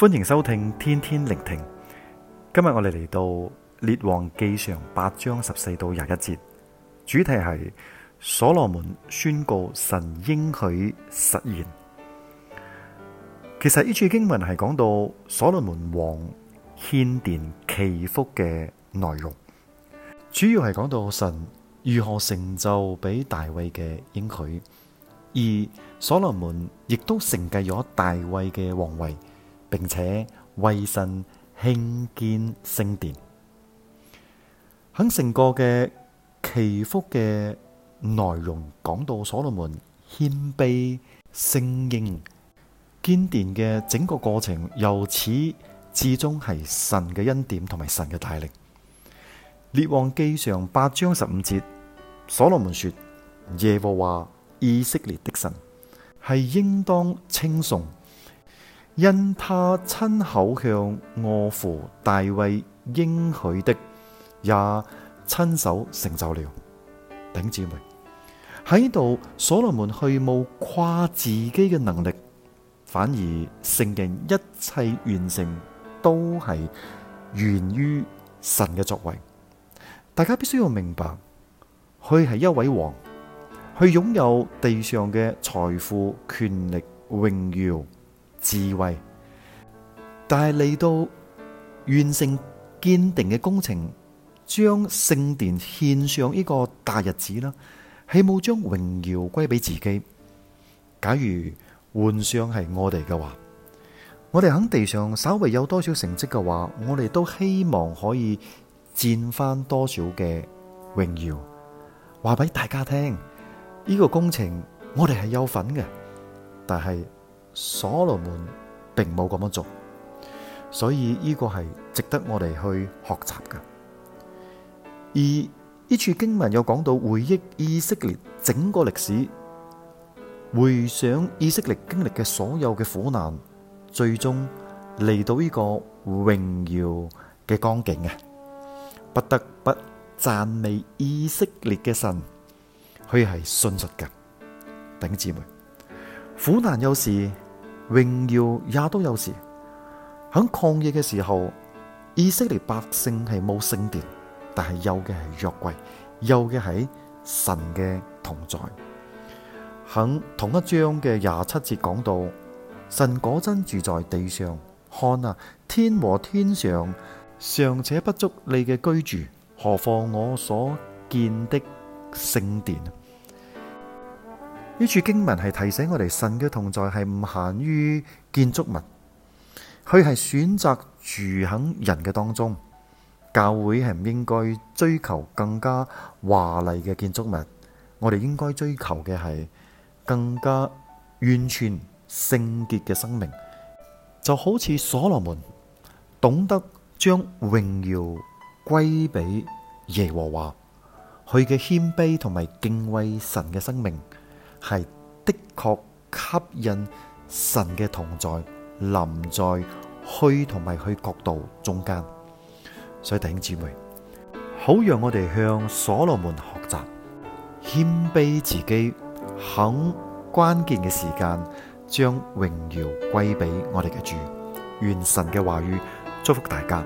歡迎收聽天天靈聽。今日我哋嚟到列王記上八章十四到廿一節，主題係所羅門宣告神應許實現。其實呢處經文係講到所羅門王獻殿祈福嘅內容，主要係講到神如何成就俾大衛嘅應許，而所羅門亦都承繼咗大衛嘅皇位。並且為神興建聖殿，喺成個嘅祈福嘅內容，講到所羅門謙卑承認建殿嘅整個過程，由始至終係神嘅恩典同埋神嘅帶領。列王記上八章十五節，所羅門說：耶和華以色列的神係應當稱頌。因他親口向我父大衛應許的，也親手成就了。弟兄姐妹，喺度，所羅門去冇誇自己嘅能力，反而承認一切完成都係源於神嘅作為。大家必須要明白，佢係一位王，佢擁有地上嘅財富、權力、榮耀。智慧，但係嚟到完成建殿嘅工程，將聖殿獻上呢個大日子啦，係冇將榮耀歸俾自己。假如換上係我哋嘅話，我哋喺地上稍微有多少成績嘅話，我哋都希望可以佔翻多少嘅榮耀。話俾大家聽，呢、這個工程我哋係有份嘅，但係。所羅門並冇咁樣做，所以呢個係值得我哋去學習嘅。而呢處經文又講到回憶以色列整個歷史，回想以色列經歷嘅所有嘅苦難，最終嚟到呢個榮耀嘅光景啊！不得不讚美以色列嘅神，佢係信實嘅，弟兄姊妹。苦難有時，榮耀也都有時。喺曠野嘅時候，以色列百姓係冇聖殿，但係有嘅係約櫃，有嘅係神嘅同在。喺同一章嘅廿七節講到，神果真住在地上，看啊，天和天上尚且不足你嘅居住，何況我所見的聖殿。呢處經文係提醒我哋，神嘅同在係唔限於建築物，佢係選擇住喺人嘅當中。教會係唔應該追求更加華麗嘅建築物，我哋應該追求嘅係更加完全聖潔嘅生命，就好似所羅門懂得將榮耀歸俾耶和華，佢嘅謙卑同埋敬畏神嘅生命。係的確吸引神嘅同在臨在虛同埋虛角度中間，所以弟兄姊妹，好讓我哋向所羅門學習謙卑自己，喺關鍵嘅時間將榮耀歸俾我哋嘅主，願神嘅話語祝福大家。